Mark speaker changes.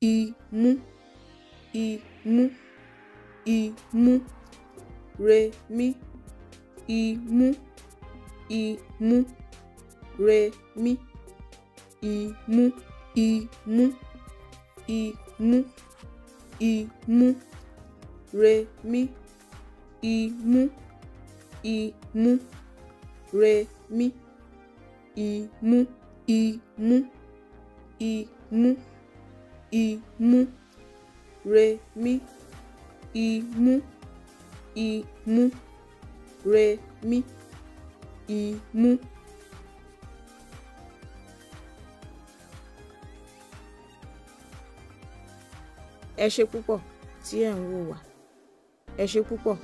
Speaker 1: imú imú imú remí imú imú mi. imú imú imú imú remí imú imú remí imú imú imú. imú. imú remí imú imú remí imú.
Speaker 2: ẹ ṣé púpọ̀ tí ẹ̀ ń wò wá ẹ ṣé púpọ̀